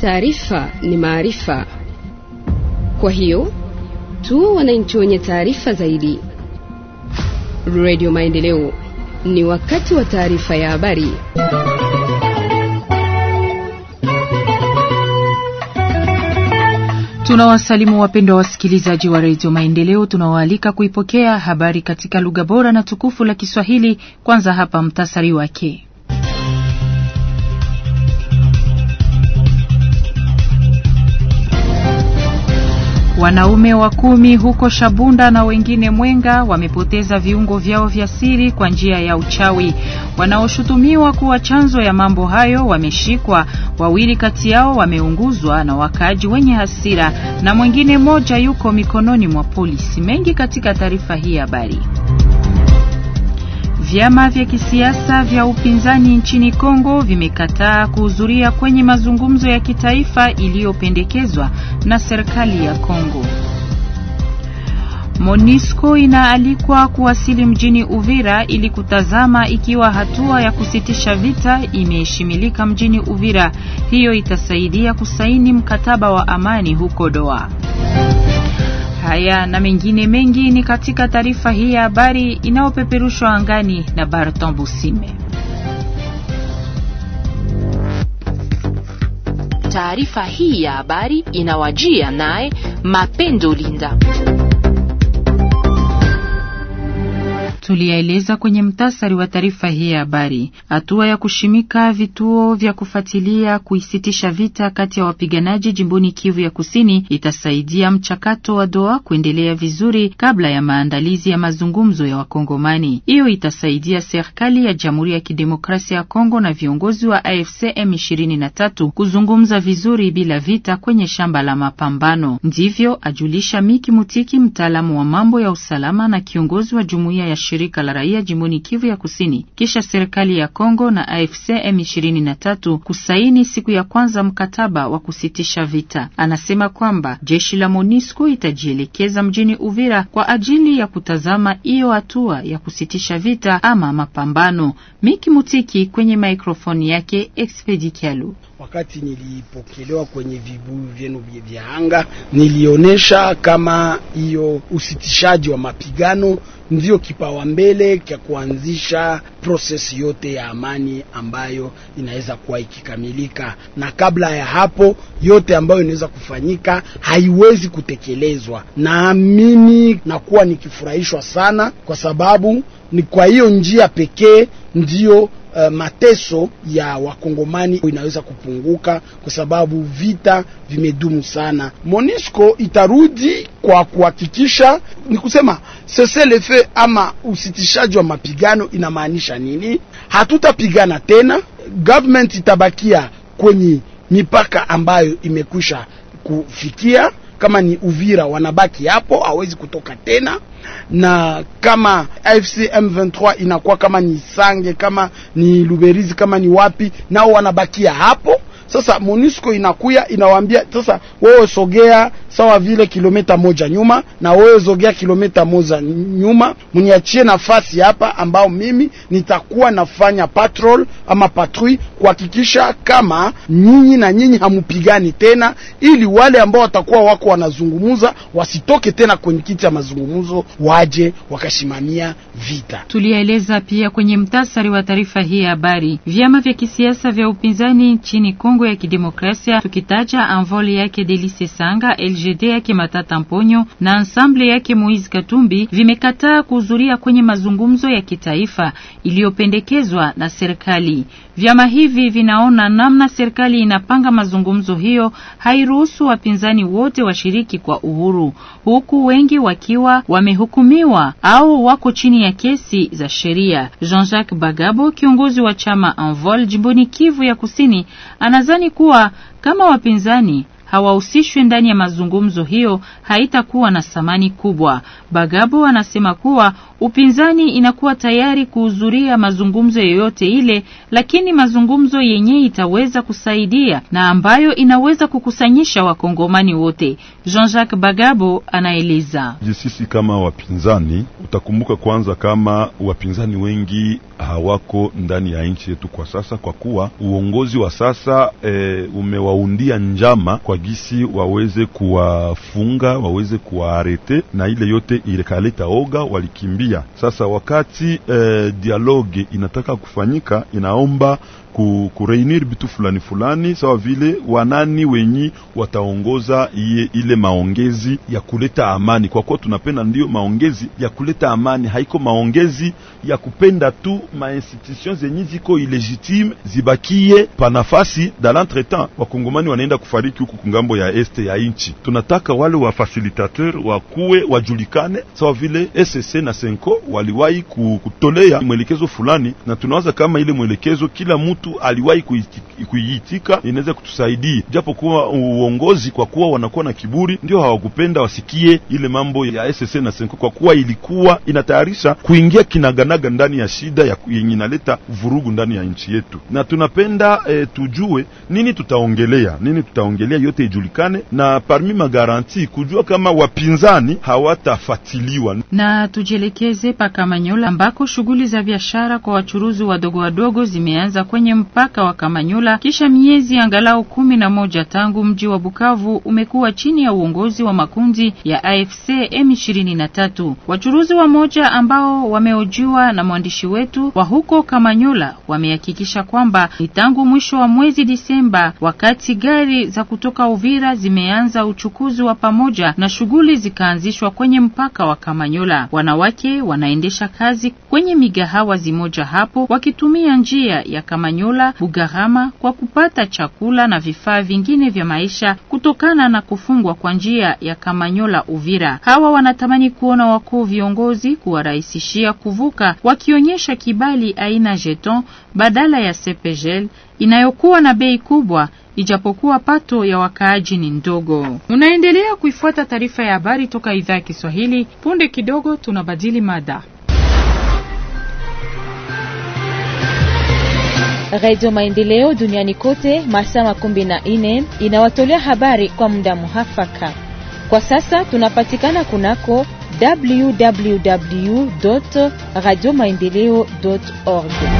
Taarifa ni maarifa, kwa hiyo tu wananchi wenye taarifa zaidi. Radio Maendeleo, ni wakati wa taarifa ya habari. Tunawasalimu wapendwa wasikilizaji wa redio Maendeleo. Tunawaalika kuipokea habari katika lugha bora na tukufu la Kiswahili. Kwanza hapa mtasari wake. Wanaume wa kumi huko Shabunda na wengine Mwenga wamepoteza viungo vyao vya siri kwa njia ya uchawi. Wanaoshutumiwa kuwa chanzo ya mambo hayo wameshikwa, wawili kati yao wameunguzwa na wakaaji wenye hasira na mwingine mmoja yuko mikononi mwa polisi. Mengi katika taarifa hii habari. Vyama vya kisiasa vya upinzani nchini Kongo vimekataa kuhudhuria kwenye mazungumzo ya kitaifa iliyopendekezwa na serikali ya Kongo. monisco inaalikwa kuwasili mjini Uvira ili kutazama ikiwa hatua ya kusitisha vita imeheshimilika mjini Uvira. Hiyo itasaidia kusaini mkataba wa amani huko Doha. Haya na mengine mengi ni katika taarifa hii ya habari inayopeperushwa angani na Barton Busime. Taarifa hii ya habari inawajia naye Mapendo Linda. tuliyaeleza kwenye mtasari wa taarifa hii ya habari. Hatua ya kushimika vituo vya kufuatilia kuisitisha vita kati ya wapiganaji jimboni Kivu ya Kusini itasaidia mchakato wa Doa kuendelea vizuri kabla ya maandalizi ya mazungumzo ya Wakongomani. Hiyo itasaidia serikali ya Jamhuri ya Kidemokrasia ya Kongo na viongozi wa AFC M23 kuzungumza vizuri bila vita kwenye shamba la mapambano. Ndivyo ajulisha Miki Mutiki, mtaalamu wa mambo ya usalama na kiongozi wa jumuiya ya shirika shirika la raia jimboni Kivu ya Kusini kisha serikali ya Kongo na AFC M23 kusaini siku ya kwanza mkataba wa kusitisha vita. Anasema kwamba jeshi la MONUSCO itajielekeza mjini Uvira kwa ajili ya kutazama hiyo hatua ya kusitisha vita ama mapambano. Miki Mutiki kwenye maikrofoni yake Expedi Kialu. Wakati nilipokelewa kwenye vibuyu vyenu vya anga, nilionyesha kama hiyo usitishaji wa mapigano ndiyo kipawa mbele cha kuanzisha prosesi yote ya amani ambayo inaweza kuwa ikikamilika, na kabla ya hapo yote ambayo inaweza kufanyika haiwezi kutekelezwa. Naamini na kuwa nikifurahishwa sana, kwa sababu ni kwa hiyo njia pekee ndiyo uh, mateso ya wakongomani inaweza kupunguka, kwa sababu vita vimedumu sana. Monisco itarudi kwa kuhakikisha, ni kusema cessez le feu ama usitishaji wa mapigano. Inamaanisha nini? Hatutapigana tena, government itabakia kwenye mipaka ambayo imekwisha kufikia kama ni Uvira wanabaki hapo, hawezi kutoka tena, na kama AFC M23 inakuwa kama ni Sange, kama ni Luberizi, kama ni wapi, nao wanabakia hapo sasa MONUSCO inakuya inawaambia sasa, wewe sogea sawa vile kilomita moja nyuma, na wewe sogea kilomita moja nyuma, mniachie nafasi hapa ambao mimi nitakuwa nafanya patrol ama patrui kuhakikisha kama nyinyi na nyinyi hamupigani tena, ili wale ambao watakuwa wako wanazungumuza wasitoke tena kwenye kiti ya mazungumzo, waje wakashimamia vita. Tulieleza pia kwenye mtasari wa taarifa hii ya habari, vyama vya kisiasa vya upinzani nchini Kongo Kongo ya Kidemokrasia, tukitaja Anvol yake Delice Sanga, LGD yake Matata Mponyo na Ensemble yake moiz Katumbi vimekataa kuhudhuria kwenye mazungumzo ya kitaifa iliyopendekezwa na serikali. Vyama hivi vinaona namna serikali inapanga mazungumzo hiyo hairuhusu wapinzani wote washiriki kwa uhuru, huku wengi wakiwa wamehukumiwa au wako chini ya kesi za sheria. Jean-Jacques Bagabo, kiongozi wa chama Anvol jimboni Kivu ya Kusini, anaza Tunadhani kuwa kama wapinzani hawahusishwi ndani ya mazungumzo, hiyo haitakuwa na thamani kubwa. Bagabo anasema kuwa upinzani inakuwa tayari kuhudhuria mazungumzo yoyote ile, lakini mazungumzo yenye itaweza kusaidia na ambayo inaweza kukusanyisha wakongomani wote. Jean-Jacques Bagabo anaeleza. Sisi kama wapinzani, utakumbuka kwanza kama wapinzani wengi hawako ndani ya nchi yetu kwa sasa, kwa kuwa uongozi wa sasa e, umewaundia njama kwa gisi waweze kuwafunga, waweze kuwaarete na ile yote ikaleta oga, walikimbia sasa wakati eh, dialogue inataka kufanyika inaomba kureunir bitu fulani fulani, sawa vile wanani wenyi wataongoza iye, ile maongezi ya kuleta amani. Kwa kuwa tunapenda ndiyo maongezi ya kuleta amani, haiko maongezi ya kupenda tu mainstitution zenyi ziko ilegitime zibakie panafasi da l'entretemps. Wakongomani wanaenda kufariki huku kungambo ya este ya inchi. Tunataka wale wafasilitateur wakuwe wajulikane, sawa vile SSC na Senko waliwahi kutolea mwelekezo fulani, na tunawaza kama ile mwelekezo kila mtu mtu aliwahi kuiitika inaweza kutusaidia, japo kuwa uongozi kwa kuwa wanakuwa na kiburi, ndio hawakupenda wasikie ile mambo ya SSC na SENKO, kwa kuwa ilikuwa inatayarisha kuingia kinaganaga ndani ya shida yenye inaleta vurugu ndani ya nchi yetu, na tunapenda e, tujue nini tutaongelea, nini tutaongelea, yote ijulikane, na parmi magaranti kujua kama wapinzani hawatafatiliwa. Na tujielekeze pa Kamanyola ambako shughuli za biashara kwa wachuruzi wadogo wadogo zimeanza kwenye kwenye mpaka wa Kamanyola kisha miezi angalau kumi na moja tangu mji wa Bukavu umekuwa chini ya uongozi wa makundi ya AFC M23. Wachuruzi wa moja ambao wameojiwa na mwandishi wetu wa huko Kamanyola wamehakikisha kwamba ni tangu mwisho wa mwezi Disemba, wakati gari za kutoka Uvira zimeanza uchukuzi wa pamoja na shughuli zikaanzishwa kwenye mpaka wa Kamanyola. Wanawake wanaendesha kazi kwenye migahawa zimoja hapo wakitumia njia ya Kamanyola Kamanyola, Bugarama kwa kupata chakula na vifaa vingine vya maisha kutokana na kufungwa kwa njia ya Kamanyola Uvira. Hawa wanatamani kuona wakuu viongozi kuwarahisishia kuvuka wakionyesha kibali aina jeton badala ya CPGL inayokuwa na bei kubwa ijapokuwa pato ya wakaaji ni ndogo. Unaendelea kuifuata taarifa ya habari toka idhaa ya Kiswahili. Punde kidogo tunabadili mada. Radio Maendeleo duniani kote masaa makumi na inawatolea habari kwa muda muhafaka. Kwa sasa tunapatikana kunako www radio maendeleo org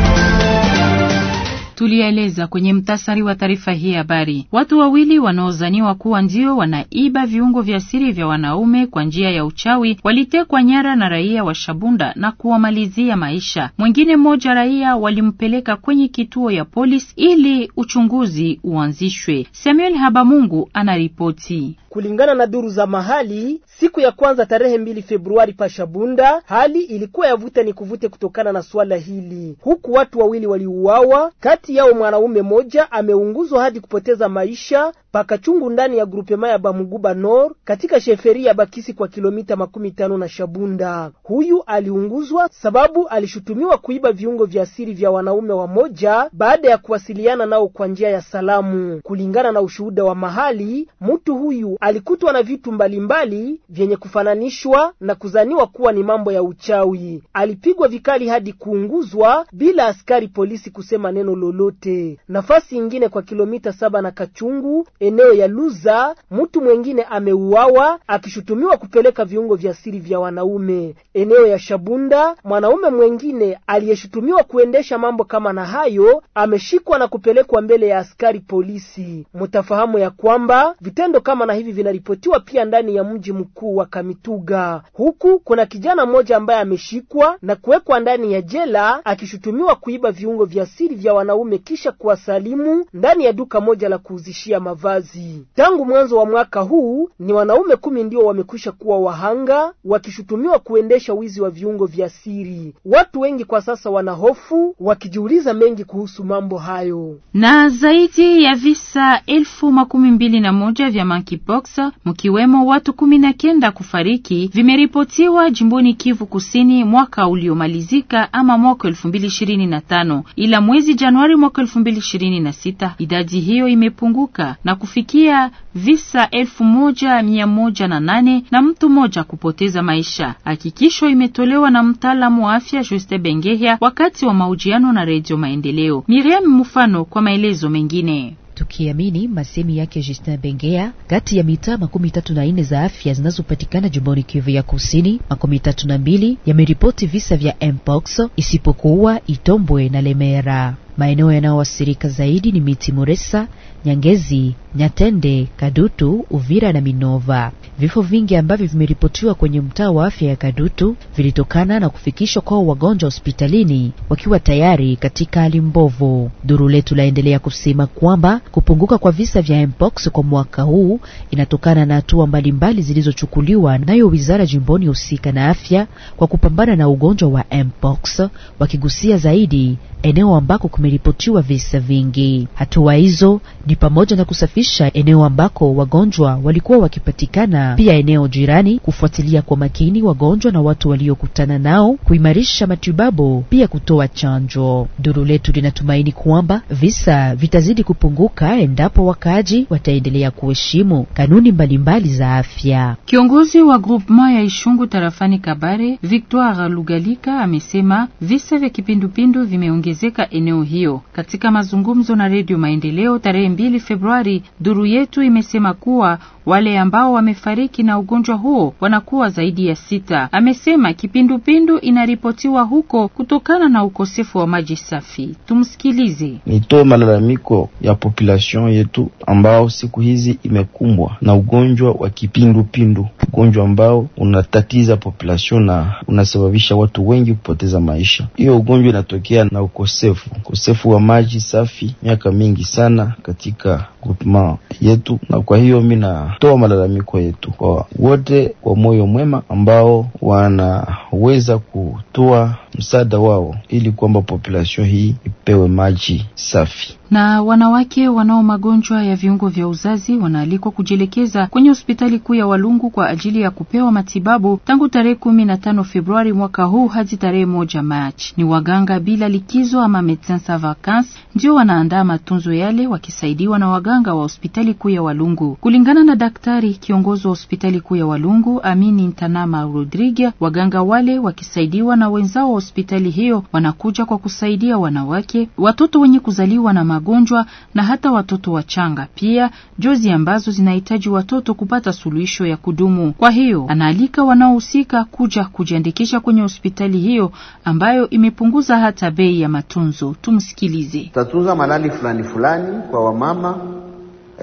tulieleza kwenye mtasari wa taarifa hii habari. Watu wawili wanaozaniwa kuwa ndio wanaiba viungo vya siri vya wanaume kwa njia ya uchawi walitekwa nyara na raia wa Shabunda na kuwamalizia maisha. Mwingine mmoja raia walimpeleka kwenye kituo ya polisi ili uchunguzi uanzishwe. Samuel Habamungu anaripoti. Kulingana na duru za mahali, siku ya kwanza tarehe mbili Februari pashabunda, hali ilikuwa ya vuta ni kuvute kutokana na swala hili, huku watu wawili waliuawa, kati yao mwanaume mmoja ameunguzwa hadi kupoteza maisha pakachungu ndani ya grupema ya Bamuguba Nord katika sheferi ya Bakisi kwa kilomita makumi tano na Shabunda. Huyu aliunguzwa sababu alishutumiwa kuiba viungo vya asiri vya wanaume wa moja baada ya kuwasiliana nao kwa njia ya salamu. Kulingana na ushuhuda wa mahali, mtu huyu alikutwa na vitu mbalimbali mbali vyenye kufananishwa na kuzaniwa kuwa ni mambo ya uchawi. Alipigwa vikali hadi kuunguzwa bila askari polisi kusema neno lolote. Nafasi ingine kwa kilomita saba na Kachungu eneo ya Luza, mtu mwengine ameuawa akishutumiwa kupeleka viungo vya siri vya wanaume. Eneo ya Shabunda, mwanaume mwengine aliyeshutumiwa kuendesha mambo kama na hayo ameshikwa na kupelekwa mbele ya askari polisi. Mtafahamu ya kwamba vitendo kama na hivi vinaripotiwa pia ndani ya mji mkuu wa Kamituga. Huku kuna kijana mmoja ambaye ameshikwa na kuwekwa ndani ya jela akishutumiwa kuiba viungo vya siri vya wanaume kisha kuwasalimu ndani ya duka moja la kuuzishia mavazi mavazi. Tangu mwanzo wa mwaka huu ni wanaume kumi ndio wamekwisha kuwa wahanga wakishutumiwa kuendesha wizi wa viungo vya siri. Watu wengi kwa sasa wanahofu wakijiuliza mengi kuhusu mambo hayo. Na zaidi ya visa elfu makumi mbili na moja vya monkeypox mkiwemo watu kumi na kenda kufariki vimeripotiwa jimboni Kivu Kusini mwaka uliomalizika ama mwaka elfu mbili ishirini na tano ila mwezi Januari mwaka elfu mbili ishirini na sita idadi hiyo imepunguka na kufikia visa elfu moja mia moja na nane na mtu mmoja kupoteza maisha. Hakikisho imetolewa na mtaalamu wa afya Juste Bengehya wakati wa mahojiano na Redio Maendeleo. Miriam Mufano kwa maelezo mengine tukiamini masemi yake Justin Bengea, kati ya mitaa makumi tatu na nne za afya zinazopatikana jumboni Kivu ya Kusini, makumi tatu na mbili yameripoti visa vya mpox isipokuwa Itombwe na Lemera. Maeneo yanayowasirika zaidi ni Miti Muresa, Nyangezi, Nyatende, Kadutu, Uvira na Minova. Vifo vingi ambavyo vimeripotiwa kwenye mtaa wa afya ya Kadutu vilitokana na kufikishwa kwao wagonjwa hospitalini wakiwa tayari katika hali mbovu. Duru letu laendelea kusema kwamba kupunguka kwa visa vya mpox kwa mwaka huu inatokana na hatua mbalimbali zilizochukuliwa nayo wizara jimboni husika na afya kwa kupambana na ugonjwa wa mpox, wakigusia zaidi eneo ambako kumeripotiwa visa vingi. Hatua hizo ni pamoja na kusafiri kuhakikisha eneo ambako wagonjwa walikuwa wakipatikana, pia eneo jirani, kufuatilia kwa makini wagonjwa na watu waliokutana nao, kuimarisha matibabu, pia kutoa chanjo. Duru letu linatumaini kwamba visa vitazidi kupunguka endapo wakaaji wataendelea kuheshimu kanuni mbalimbali za afya. Kiongozi wa groupement ya Ishungu tarafani Kabare, Victoire Lugalika, amesema visa vya kipindupindu vimeongezeka eneo hiyo. Katika mazungumzo na Redio Maendeleo tarehe 2 Februari, Duru yetu imesema kuwa wale ambao wamefariki na ugonjwa huo wanakuwa zaidi ya sita. Amesema kipindupindu inaripotiwa huko kutokana na ukosefu wa maji safi. Tumsikilize. Nitoe malalamiko ya population yetu ambao siku hizi imekumbwa na ugonjwa wa kipindupindu, ugonjwa ambao unatatiza population na unasababisha watu wengi kupoteza maisha. Hiyo ugonjwa inatokea na ukosefu ukosefu wa maji safi miaka mingi sana katika groupement yetu, na kwa hiyo mi na kutoa malalamiko yetu kwa wote kwa moyo mwema ambao wanaweza kutoa msaada wao ili kwamba population hii ipewe maji safi. Na wanawake wanao magonjwa ya viungo vya uzazi wanaalikwa kujielekeza kwenye hospitali kuu ya Walungu kwa ajili ya kupewa matibabu tangu tarehe kumi na tano Februari mwaka huu hadi tarehe moja Machi. Ni waganga bila likizo ama medecins sans vacances ndio wanaandaa matunzo yale wakisaidiwa na waganga wa hospitali kuu ya Walungu kulingana na daktari kiongozi wa hospitali kuu ya Walungu Amini Ntanama Rodrigue, waganga wale wakisaidiwa na wenzao wa hospitali hiyo wanakuja kwa kusaidia wanawake, watoto wenye kuzaliwa na magonjwa na hata watoto wachanga, pia jozi ambazo zinahitaji watoto kupata suluhisho ya kudumu. Kwa hiyo anaalika wanaohusika kuja kujiandikisha kwenye hospitali hiyo ambayo imepunguza hata bei ya matunzo. Tumsikilize. tatuza malali fulani fulani kwa wamama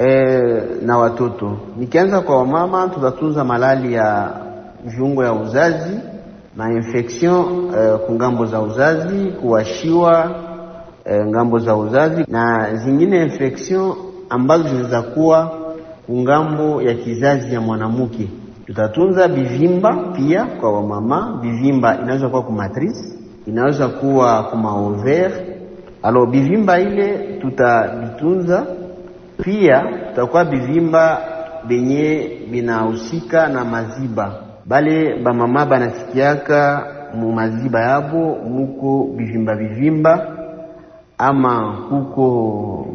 e, na watoto. Nikianza kwa wamama, tutatunza malali ya viungo ya uzazi na infection e, kungambo za uzazi, kuwashiwa e, ngambo za uzazi na zingine infection ambazo zinaweza kuwa kungambo ya kizazi ya mwanamke. Tutatunza bivimba pia kwa wamama. Bivimba inaweza kuwa kumatrice, inaweza kuwa kumaover. Alo, bivimba ile tutabitunza pia tutakuwa bivimba benye binahusika na maziba, bale bamama banasikiaka mu maziba yabo muko bivimba bivimba, ama huko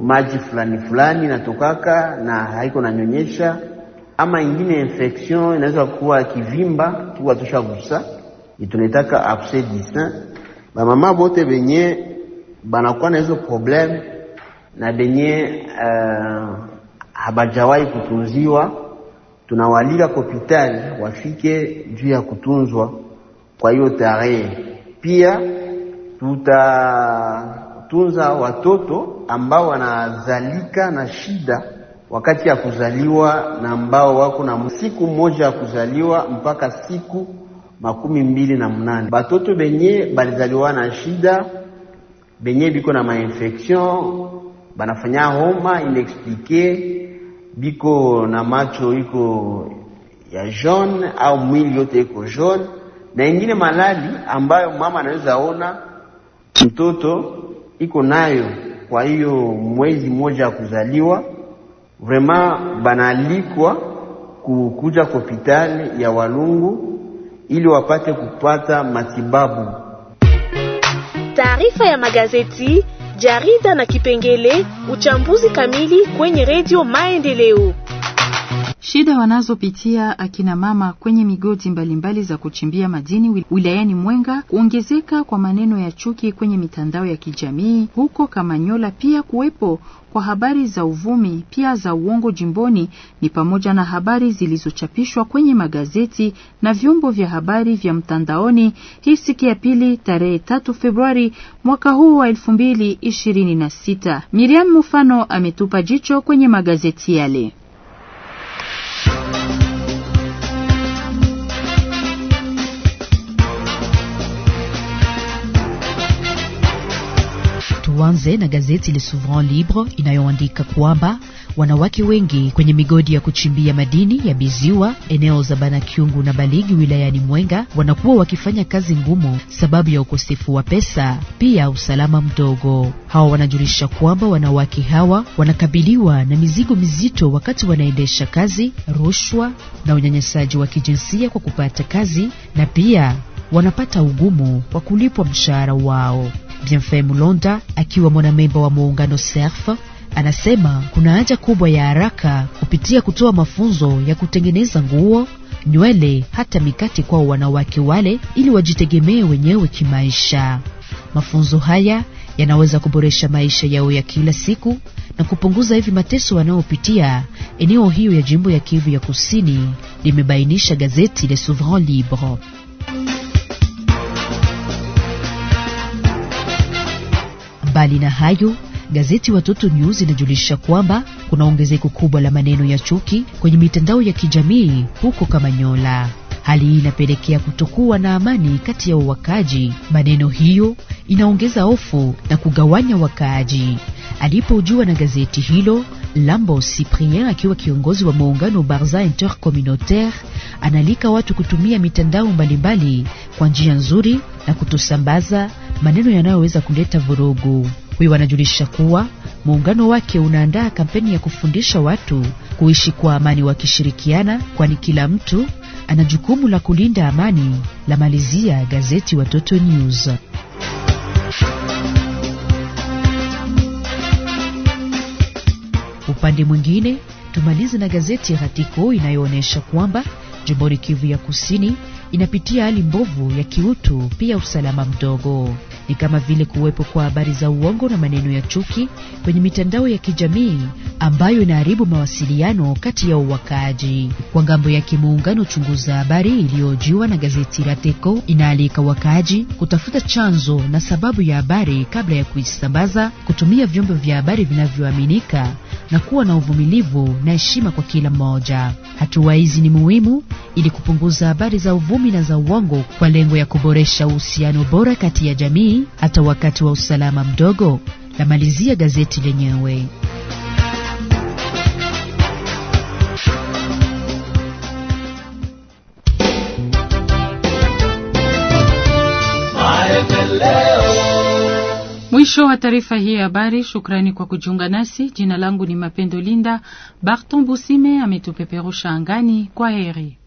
maji fulani fulani natokaka na haiko nanyonyesha, ama ingine infection inaweza kuwa kivimba kiwa tosha gusa, itunaitaka abcès du sein. Bamama bote benye banakuwa na hizo probleme na benye uh, eh, habajawahi kutunziwa, tunawalika kopitali wafike juu ya kutunzwa kwa hiyo tarehe. Pia tutatunza watoto ambao wanazalika na shida wakati ya kuzaliwa na ambao wako na siku moja ya kuzaliwa mpaka siku makumi mbili na mnane batoto benye balizaliwa na shida benye biko na mainfection banafanya homa inexplike biko na macho iko ya jaune au mwili yote iko jaune, na ingine malali ambayo mama anaweza ona mtoto iko nayo. Kwa hiyo mwezi mmoja ya kuzaliwa, vrema banaalikwa kukuja kwa hospitali ya Walungu ili wapate kupata matibabu. Taarifa ya magazeti jarida na kipengele uchambuzi kamili kwenye redio Maendeleo. Shida wanazopitia akina mama kwenye migodi mbalimbali za kuchimbia madini wilayani Mwenga, kuongezeka kwa maneno ya chuki kwenye mitandao ya kijamii huko Kamanyola, pia kuwepo kwa habari za uvumi pia za uongo jimboni, ni pamoja na habari zilizochapishwa kwenye magazeti na vyombo vya habari vya mtandaoni hii siku ya pili tarehe tatu Februari mwaka huu wa 2026. Miriam Mufano ametupa jicho kwenye magazeti yale. Tuanze na gazeti Le Souverain Libre inayoandika kwamba wanawake wengi kwenye migodi ya kuchimbia madini ya Biziwa, eneo za Banakyungu na Baligi wilayani Mwenga wanakuwa wakifanya kazi ngumu sababu ya ukosefu wa pesa, pia usalama mdogo. Hawa wanajulisha kwamba wanawake hawa wanakabiliwa na mizigo mizito wakati wanaendesha kazi, rushwa na unyanyasaji wa kijinsia kwa kupata kazi, na pia wanapata ugumu wa kulipwa mshahara wao. Bienfait Mulonda akiwa mwanamemba wa muungano SERF anasema kuna haja kubwa ya haraka kupitia kutoa mafunzo ya kutengeneza nguo, nywele, hata mikate kwa wanawake wale ili wajitegemee wenyewe kimaisha. Mafunzo haya yanaweza kuboresha maisha yao ya kila siku na kupunguza hivi mateso wanayopitia eneo hiyo ya jimbo ya Kivu ya Kusini, limebainisha gazeti Le Souverain Libre. Mbali na hayo, gazeti Watoto News inajulisha kwamba kuna ongezeko kubwa la maneno ya chuki kwenye mitandao ya kijamii huko Kamanyola. Hali hii inapelekea kutokuwa na amani kati ya wakaaji Maneno hiyo inaongeza hofu na kugawanya wakaaji. Alipojua na gazeti hilo, Lambo Cyprien akiwa kiongozi wa muungano Barza Intercommunautaire analika watu kutumia mitandao mbalimbali kwa njia nzuri na kutosambaza maneno yanayoweza kuleta vurugu. Huyu wanajulisha kuwa muungano wake unaandaa kampeni ya kufundisha watu kuishi kwa amani wakishirikiana, kwani kila mtu ana jukumu la kulinda amani, la malizia gazeti Watoto News. Upande mwingine tumalize na gazeti Ratiko inayoonyesha kwamba jimboni Kivu ya Kusini inapitia hali mbovu ya kiutu, pia usalama mdogo. Ni kama vile kuwepo kwa habari za uongo na maneno ya chuki kwenye mitandao ya kijamii ambayo inaharibu mawasiliano kati ya uwakaaji. Kwa ngambo ya kimuungano chunguza habari iliyojiwa na gazeti la Teko inaalika wakaaji kutafuta chanzo na sababu ya habari kabla ya kuisambaza, kutumia vyombo vya habari vinavyoaminika na kuwa na uvumilivu na heshima kwa kila mmoja. Hatua hizi ni muhimu ili kupunguza habari za uvumi dhamira za uongo kwa lengo ya kuboresha uhusiano bora kati ya jamii hata wakati wa usalama mdogo, lamalizia gazeti lenyewe. Mwisho wa taarifa hii ya habari. Shukrani kwa kujiunga nasi. Jina langu ni Mapendo Linda. Barton Busime ametupeperusha angani. Kwa heri.